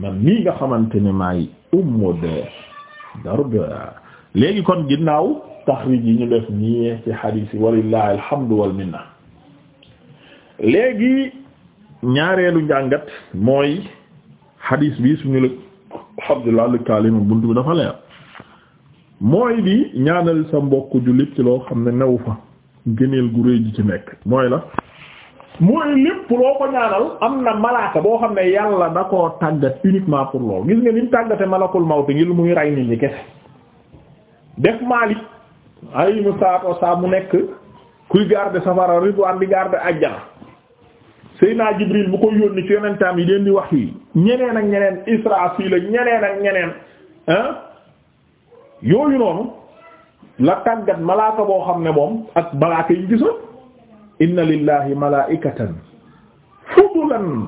man nii nga xamante ne maay Ummu Darda léegi kon ginnaaw tax taxrij yi ñu def nii ci xadiis yi walillahi alhamdu wal minna léegi ñaareelu njàngat mooy hadis bi suñu la alhamdulilah lëkkaale moom bunt bi dafa leer mooy di ñaanal sa mbokk jullit ci loo xam ne new fa gëneel gu rëy ji ci nekk mooy la mooy lépp loo ko am na malaaka boo xam ne yàlla da koo tàggat uniquement pour lool gis nga ni mu tàggate malakul mawti ngir muy rey nit ñi kese def maalik ay mu saatoo saa mu nekk kuy garder safara ridwaan di garder ajjana Seyna Jibril bu ko yónni ci yonentam yi leen di wax yi ñeneen ak ñeneen fii la ñeneen ak ñeneen yooyu noonu la tàggat malaaka boo xam ne moom ak malaaka yi gisoon inna lillahi malaa'ikatan fudulan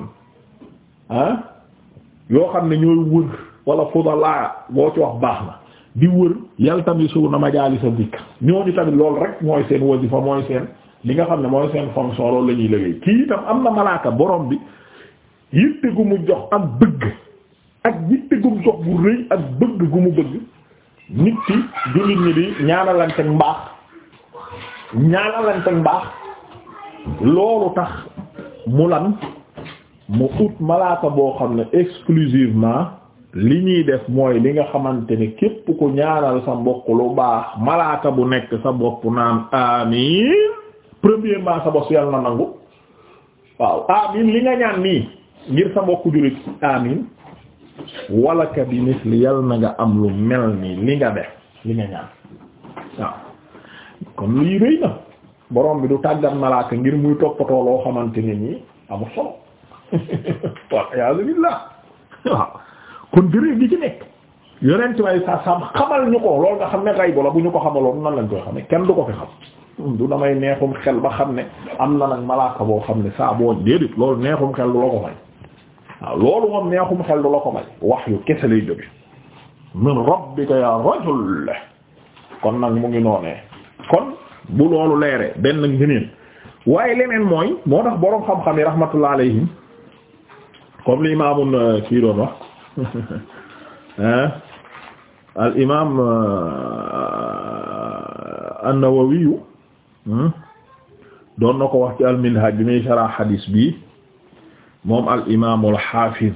yoo xam ne ñooy wër wala fudalaa boo ci wax baax na di wër yaltamisuuna majaalisa dikr ñooñu tamit loolu rek mooy seen wazifa mooy seen li nga xam ne mooy seen fonction loolu la ñuy kii itam am na malaaka borom bi yitte gu mu jox am bëgg ak yitte gu jox bu rëy ak bëgg gu mu bëgg nit ki jullit ñi di ñaanalante mbaax ñaanalante mbaax loolu tax mu lan mu ut malaaka boo xam ne exclusivement li ñuy def mooy li nga xamante ne képp ko ñaanal sa mbokk lu baax malaaka bu nekk sa boppu naan amiin premièrement sa bos yàlla na nangu waaw amin li nga ñaan nii ngir sa mbokku jullit amin walaka bi misli yàlla na nga am lu mel nii li nga def li nga ñaan waaw kon lii rëy na borom bi du tàggat malaaka ngir muy toppatoo loo xamante ne nii amul solo waaw yàlla billah waaw kon gërëm gi ci nekk. yonent way sa sam xamal ñu ko loolu nga xam ne raybu bu ñu ko xamaloon nan lañ koy xamee kenn du ko fi xam du damay neexum xel ba xam ne am na nag malaaka boo xam ne saa boo déedéet loolu neexum xel du la ko may waaw loolu moom neexum la ko may wax yu kese lay jóge min rabbika ya rajul kon nag mu ngi noonee kon bu loolu leeree benn ngëneel waaye leneen mooy moo tax boroom xam-xam yi rahmatullah alayhim comme li imaamun euh, kii doon wax al imaam uh, an-Nawawi hmm, doon na ko wax ci al minhaj bi muy sarah hadis bi moom al imaam al haafiz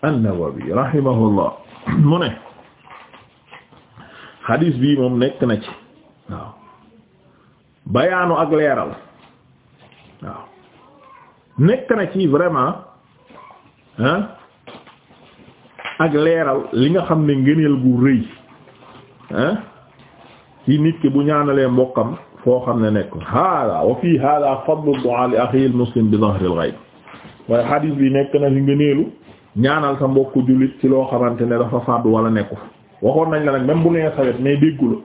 an-Nawawi rahimahullah mu ne hadis bi moom nekk na ci waaw bayaanu ak leeral waaw nekk na ci vraiment hein ak leeral li nga xam ne ngëneel gu rëy ah ci nit ki bu ñaanalee mbokkam foo xam ne nekk hada wa fii hada fadlu du'a li akhi al muslim bi dhahri al ghaib waaye hadith bi nekk na fi ngëneelu ñaanal sa mbokku jullit ci loo xamante ne dafa fàddu wala nekku waxoon nañ la nag même bu nee sawet mais déggu la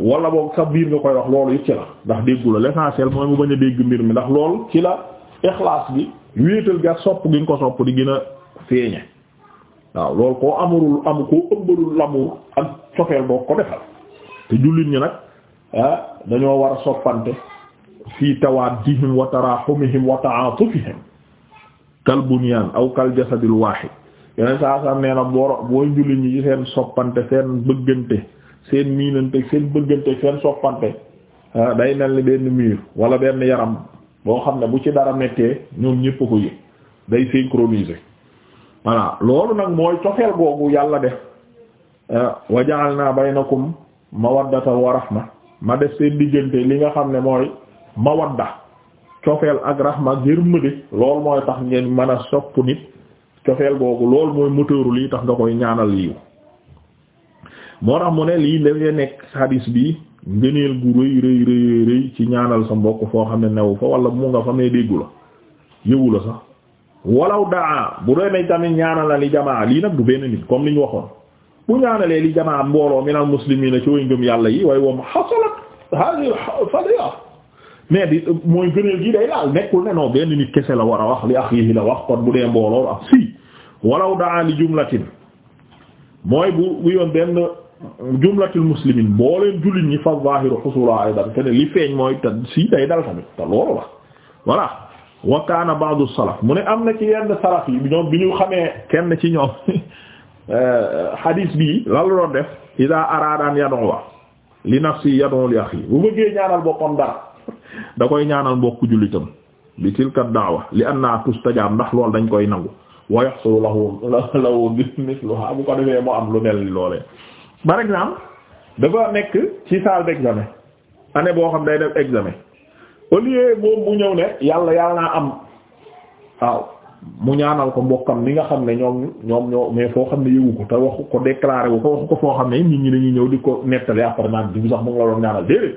wala boog sa biir nga koy wax loolu it ci la ndax déggu la l'essentiel mooy mu bañ a dégg mbir mi ndax loolu ci la ixlaas bi wéetal ga sopp gi nga ko sopp di gën a feeñe waaw loolu koo amulul amu koo ëmbalul l'amour ak cofeel boo ko defal te jullit ñi nag ah, dañoo war a soppante fii tawaddihim wa tarahumihim wa ta'atufihim kal bunyan aw kal jasadil wahid yeneen saa saa nee na boo boo jullit ñi seen soppante seen bëggante seen miinante seen bëggante seen soppante ah, day mel ni benn mur wala benn yaram boo xam ne bu ci dara nekkee ñoom ñépp ko yëg day synchroniser voilà loolu nag mooy cofeel googu yàlla def ah, wa ja'alna baynakum mawaddata wa rahma ma def seen diggante li nga xam ne mooy mawadda cofeel ak rahma yërmande loolu mooy tax ngeen mën a sopp nit cofeel googu loolu mooy moteuru lii tax nga koy ñaanal yiw moo tax mu ne lii dafay nekk hadis bi ngëneel gu rëy rëy rëy rëy ci ñaanal sa mbokk foo xam ne newu fa wala mu nga fa may déggu la yëwu la sax walaw daa bu doy ne tamit ñaanal na li jamaa lii nag du benn nit comme li ñu waxoon bu ñaanalee li jamaa mbooloo minal muslimiina ci way ngëm yàlla yi waaye wom xasalat hadi fadiya mais di mooy gëneel gi day laal nekkul ne non benn nit kese la war a wax li ax yi la wax kon bu dee mbooloo la si walaw daa li jumlatin mooy bu bu yoon benn jumlatul muslimin boo leen jullit ñi fa aydan te li feeñ mooy te si day dal tamit te loolu la wa kaana ba'du salaf mu ne am na ci yenn salaf yi bi ñoom bi ñu xamee kenn ci ñoom euh, hadis bii lan la doon def ida araadaan yad'u li nafsi yad'u li axi bu bëggee ñaanal boppam dara da koy ñaanal mbokku jullitam bi tilka da'wa li anna tustajaab ndax lool dañ koy nangu wa yaxsulu lahu lahu misluha bu ko defee mu am lu mel ni loolee par exemple dafa nekk ci salle d'examen année boo xam day def examen au lieu moom mu ñëw ne yàlla yàlla naa am waaw mu ñaanal ko mbokkam ni nga xam ne ñoom ñoom ñoo mais foo xam ne yëgu ko te waxu ko déclaré wu ko waxu ko foo xam ne nit ñi dañuy ñëw di ko nettali après naan dibu sax mu ngi la doon ñaanal déedéet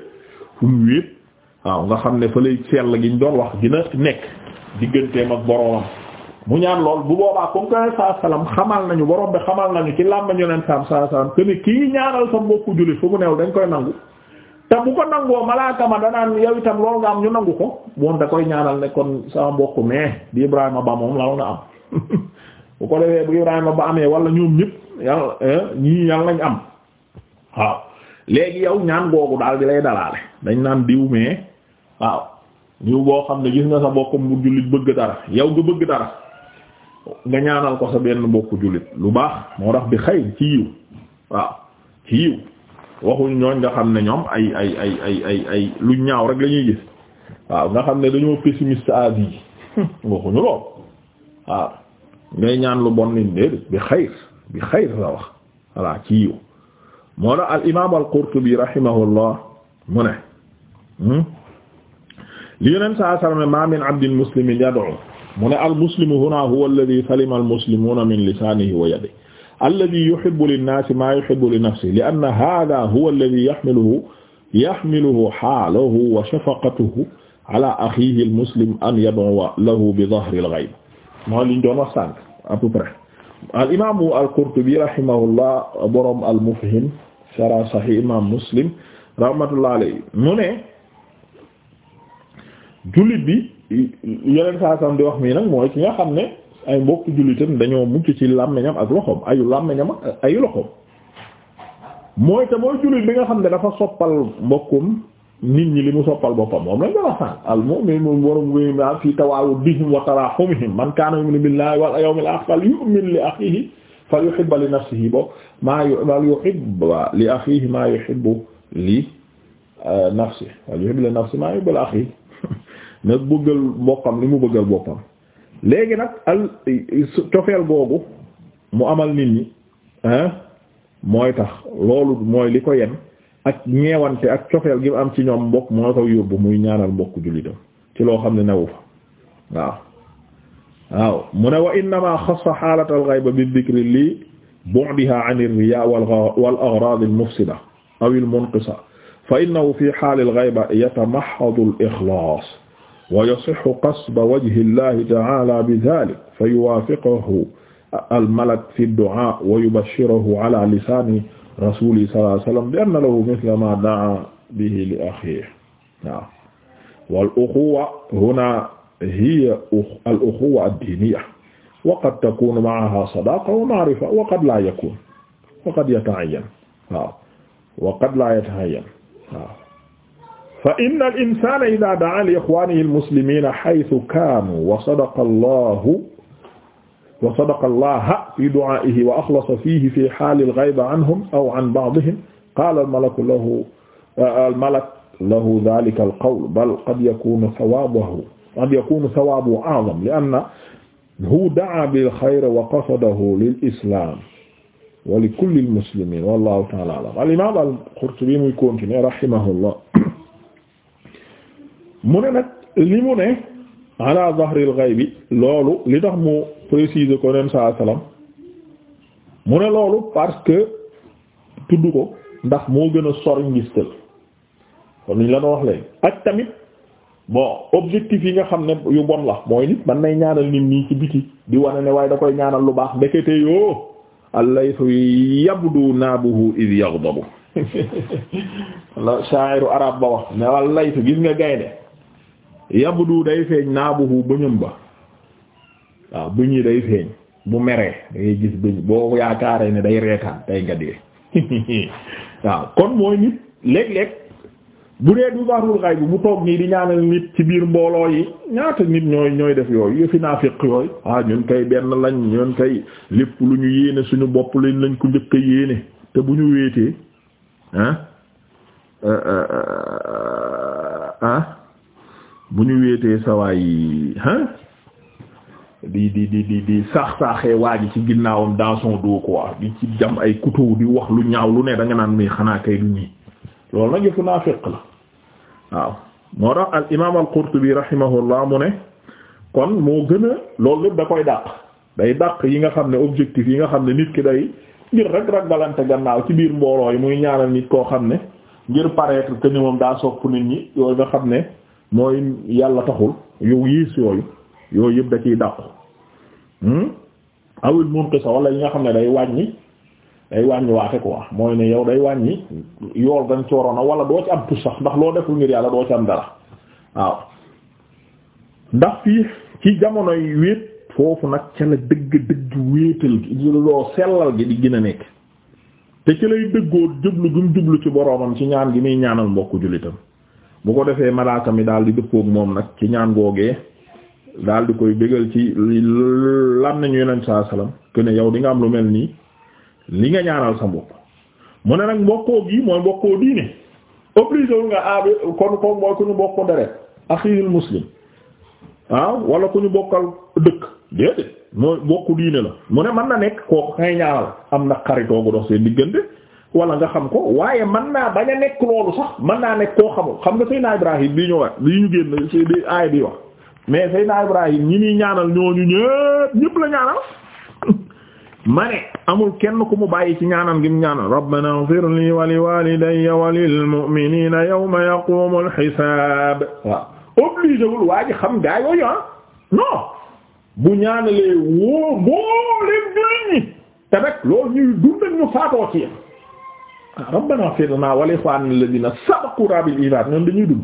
fu mu wéet waaw nga xam ne fa lay sell gi ñu doon wax dina nekk digganteem ak boroomam mu ñaan lool bu boobaa comme que saa salaam xamal nañu borom bi xamal nañu ci làmbañ yoneen saam saa salaam sa mbokku jullit fu mu dañ koy nangu te bu ko nangoo malaaka ma danaan yow itam loolu nga am ñu nangu ko moom da koy ñaanal ne kon sama mbokk mais di Ibrahima ba moom la na am bu ko defee bu Ibrahima ba amee wala ñoom ñépp yàlla eh, ñii nañ am waaw léegi yow ñaan googu daal di lay dalaale dañ naan diw mais waaw diw boo xam ne gis nga sa mbokk mu jullit bëgg dara yow nga bëgg dara nga ñaanal ko sa benn mbokku jullit lu baax moo tax bi xëy ci yiw waaw ci yiw waxuñ ñooñ nga xam ne ñoom ay ay ay ay ay ay lu ñaaw rek la ñuy nga xam ne dañoo pessimiste à vie waxuñu lool waaw ngay ñaan lu bon nit déedéet bi xayr bi xayr la wax la al imaam al qurtubi rahimahullah mu ne hmm? li yonent saa sallam ma min abdin muslimin yad'u mu al muslimu huna huwa alladhi salima al muslimuna min lisanihi wa yadihi alladhi yuhibbu linnaasi maa yuhibbu li nafsihi li anna haadha huwa alladhi yahmiluhu yahmiluhu haaluhu wa shafaqatuhu ala akhihi al-muslim an yad'uwa lahu bi dhahri al-ghayb mooy liñ doon wax sànq à peu près al imaamu al-Qurtubi rahimahullah borom al-Mufhim sharh Sahih imaam Muslim rahmatullah alayhi mu ne jullit bi yeneen saa sam di wax mii nag mooy ki nga xam ne. ay mbokk jullitam dañoo mucc ci làmmiñam ak loxoom ayu làmmiñam ak ayu loxoom mooy te mooy jullit bi nga xam ne dafa soppal mbokkum nit ñi li mu soppal boppam moom lañ doon wax al mu'minu warum naa fi tawaadudihim wa tarahumihim man kaana yu'minu billahi wal yawmil akhir falyu'min li akhihi falyuhibba li nafsihi bo maa falyuhibba li akhihi maa eh, yuhibbu li nafsihi falyuhibba li nafsihi mbokkam li mu bëggal boppam léegi nag al googu mu amal nit ñi mooy tax loolu mooy li ko yen ak ñeewante ak cofeel gi am ci ñoom mbokk moo ko mu muy ñaanal mbokk jullitam ci loo xam ne newu fa waaw waaw mu ne wa innama xassa xaalata li bu'diha an ir-riyaa wal agrad al mufsida aw al munqisa fa innahu fi xaali alxayba yatamaxadu al ixlaas wa yasihhu qasda wajhi llahi ta'ala bi dhalik fa yuwafiquhu al-malak fi ad-du'a wa yubashshiruhu ala lisani rasuli sallallahu alayhi wa sallam bi anna lahu mithla ma da'a bihi li akhihi waaw wal ukhuwa huna hiya al-ukhuwa ad-diniyya wa qad takunu ma'aha sadaqa wa ma'rifa wa qad la yakunu wa qad yata'ayyan waaw wa qad la yata'ayyan waaw fa inna al insana ida daa li ixwanihi almuslimina haythu kaanu wa sadaqa allahu wa sadaqa allaha fi du'aa'ihi wa axlasa fiihi fi haali alghaybi anhum aw an ba'dihim qaala almalaku lahu almalak lahu dhaalika alqawl bal qad yakuunu thawaabuhu qad yakuunu thawaabuhu a'zam li'annahu da'aa bilxayri wa qasadahu lil-islaam wa likulli almuslimiin wallaahu ta'aalaa a'lam al-imaam al-Qurtubi muy continuer rahimahullah mu ne nag li mu ne ala zahril bi loolu li tax mu préciser ko nen saa salaam mu ne loolu parce que tudd ko ndax moo gën a sori ngistal kon ñu la wax léegi ak tamit bon objectif yi nga xam ne yu bon la mooy nit man nay ñaanal nit ñi ci biti di wax ne waaye da koy ñaanal lu baax ndekete yoo allaytu yabdu naabuhu id yaghdabu la sha'iru arab ba wax ne allaytu gis nga gaynde yabdu day feeñ naabuhu bëñëm ba waaw bëñ yi day feeñ bu meree da ngay gis bëñ boo yaakaaree ne day reetaan day nga dee waaw kon mooy nit léeg-léeg bu dee du barul xay bi bu toog nii di ñaanal nit ci biir mbooloo yi ñaata nit ñooy ñooy def yooyu yëfi naafiq yooyu ah ñun kay benn lañ ñun kay lépp lu ñu yéene suñu bopp lañ lañ ko njëkk yéene te bu ñu wéetee ah ah, ah, ah, ah bu ñu wéetee sawaay yi hein di di di di di saax-saaxee waa ji ci ginnaawam dans son dos quoi di ci jam ay couteau di wax lu ñaaw lu ne danga naan muy xanaa kay du ñii loolu nag yëfu naafiq la waaw moo tax al imam al qurtubi rahimahullah mu ne kon moo gën a loolu lépp da koy dàq day dàq yi nga xam ne objectif yi nga xam ne nit ki day ngir rek ragalante gannaaw ci biir mbooloo yi muy ñaanal nit koo xam ne ngir paraître que ni moom daa sopp nit ñi yooyu nga xam ne mooy yàlla taxul yow yiis yooyu yooyu yëpp da ciy dàqu hmm? awil munqisa wala yi nga xam ne day wàññi day wàññi waate quoi mooy ne yow day wàññi yool dañ ci waroon wala doo ci am tus sax ndax loo deful ngir yàlla doo ci am dara waaw ndax fii ci jamonoy wéet foofu nag ca la dëgg dëgg wéetal gi loo sellal gi di gën a nekk te ci lay dëggoo jublu gum jublu ci boromam ci ñaan gi muy ñaanal mbokku jullitam bu ko defee malaaka mi daal di dëppook moom nag ci ñaan googee daal di koy bégal ci lam nañu yonent saa salaam que ne yow di nga am lu mel nii li nga ñaanal sa mbokk mu ne nag mbokkoo gi mooy mbokkoo diine obligé wu nga aabi kon kon mooy ku ñu bokk deret axiil muslim waaw wala ku ñu bokkal dëkk déedéet mooy bokku diine la mu ne mën na nekk kooku ngay ñaanal am na xaritoo gu dox seen diggante wala nga xam ko waaye man naa bañ a nekk loolu sax mën naa nekk koo xamul xam nga Seydina Ibrahim bi ñu génn ci di aay bi wax mais Seydina Ibrahim ñi muy ñaanal ñooñu ñëpp ñëpp la ñaanal ma amul kenn ku mu bàyyi ci ñaanal gi mu ñaanal rabbana ighfir li wa li walidayya wa lil mu'minina yawma yaqumul waa ji xam gaa yooyu ah non bu ñaanalee woo boo leen jullit ñi te rek loolu ñu faatoo ci rabbana firna wa li ikhwanina alladhina sabaquna bil iman ñoom dañuy dund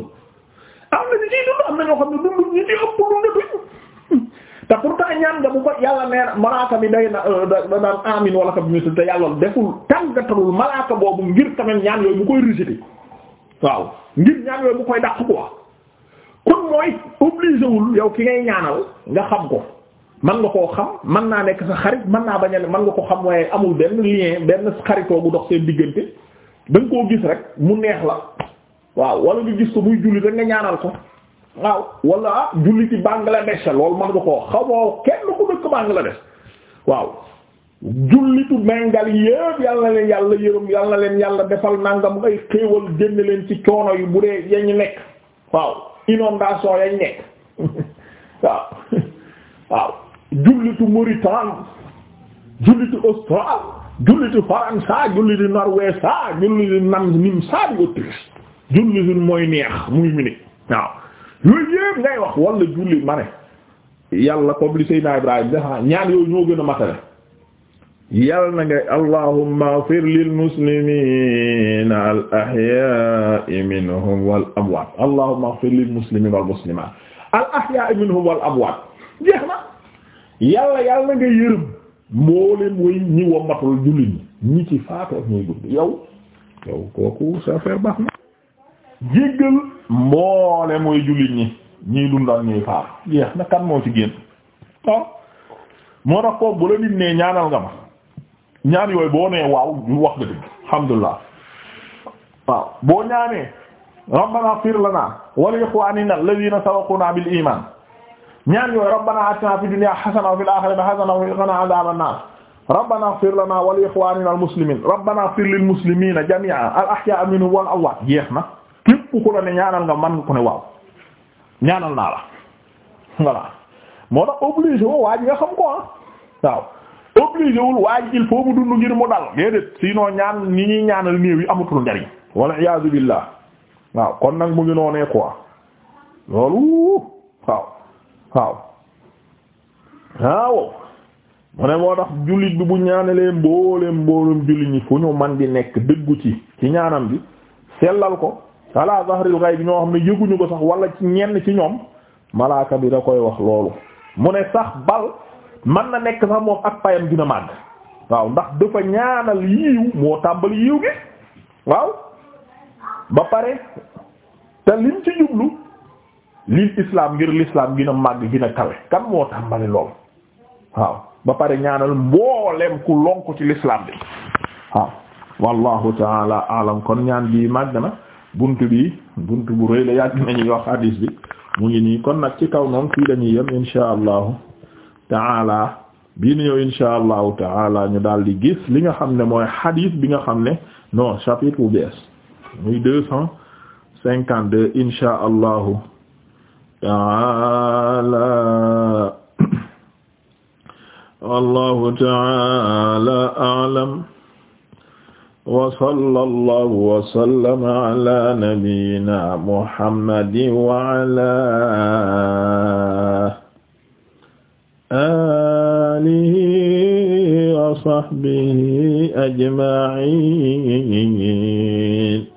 am na ñu ciy dund am na ñoo xam ne dund ñu ci ëpp dund te pourtant ñaan nga bu ko yàlla nee na malaaka mi day na euh, da naan amin wala ka bi te yàlla deful tàngatalul malaaka boobu ngir tamit ñaan yooyu mu koy rejeté waaw ngir ñaan yooyu mu koy dàq quoi kon mooy obligé yow ki ngay ñaanal nga xam ko. man nga koo xam man naa nekk sa xarit man naa bañ a man nga koo xam waaye amul benn lien benn xaritoo bu dox seen diggante da koo gis rek mu neex la waaw wala nga gis ko muy julli rek nga ñaanal ko waaw wala ah julli ci Bangladesh loolu man nga koo xamoo kenn ku dëkk Bangladesh waaw jullitu mengal yépp yàlla na leen yàlla yërëm yal na leen yàlla defal nangam ay xéewal génn leen ci coono yu bu dee yañ nekk waaw inondation yañ nekk waaw jullitu Mauritanie jullitu Australie jullitu Faransa jullitu Norvège jullitu nam nim saa jullitu mooy neex muy minute waaw yooyu yëpp ngay wax wala julli ma ne yàlla comme li Seydina Ibrahima dafa ah, ñaan yooyu ñoo gën a matale yàlla allahumma ighfir lil muslimiin al ahyaa'i minhum wal amwaat allahumma ighfir lil muslimiin wal muslimaat al ahyaa'i minhum wal amwaat jeex na yàlla yàlla nga yërëm moo leen mooy ñi wammatul jullit ñi ñi ci faatu ak ñuy dund yow yow kooku sa affaire baax na jéggal mboole mooy jullit ñi ñiy dund ñuy faatu jeex na kan moo ci génn waaw moo tax kooku bu la nit nee ñaanal nga ma ñaan yooyu boo nee waaw ñu wax nga dëgg alhamdulillah waaw boo ñaanee rabbana fir lana wa li ikhwanina alladhina sabaquna bil iman ñaan yooyu rabbana atina fid dunya hasana wa fil akhirati hasana wa qina adhaban nar rabbana ighfir lana wa li ikhwanina al rabbana ighfir lil muslimina jami'an al ahya'i minhum wal amwat jeex na képp ku la ne ñaanal nga man ku ne waaw ñaanal naa la voilà moo tax obligé woo waa nga xam ko ah waaw obligé wul waa il faut mu dund ngir mu dal déedéet sinon ñaan ni ñuy ñaanal néew yi amatul njariñ walla iyaazu billah waaw kon nag waaw mu ne moo tax jullit bi bu ñaanalee mbooleem mboolum jullit ñi fu ñu man di nekk dëggu ci ci ñaanam bi sellal ko ala zahril bi ñoo xam ne yëguñu ko sax wala ci ñenn ci ñoom malaaka bi da koy wax loolu mu ne sax bal man na nekk sax moom ak payam dina màgg waaw ndax dafa ñaanal yiiw moo tàmbal yiiw gi waaw ba pare te lim ci jublu lil islam ngir lislaam gën a màgg gën a kawe kan moo tàmbali lool waaw ba pare ñaanal mboolem ku lonk ci lislaam bi waaw wallahu taala alam kon ñaan bi màgg na bunt bi bunt bu rëy la yàgg nañuy wax hadis bi mu ngi nii kon nag ci kaw noonu fii dañuy yem insha allahu taala bii ni ñëw insha allahu taala ñu daal di gis li nga xam ne mooy hadis bi nga xam ne non chapitre bu bees muy deux cent cinquante deux insha allahu taala wallahu taala alam wa sallallahu wa sallama ala nabiyyina muhammadin wa ala alihi wa sahbihi ajma'in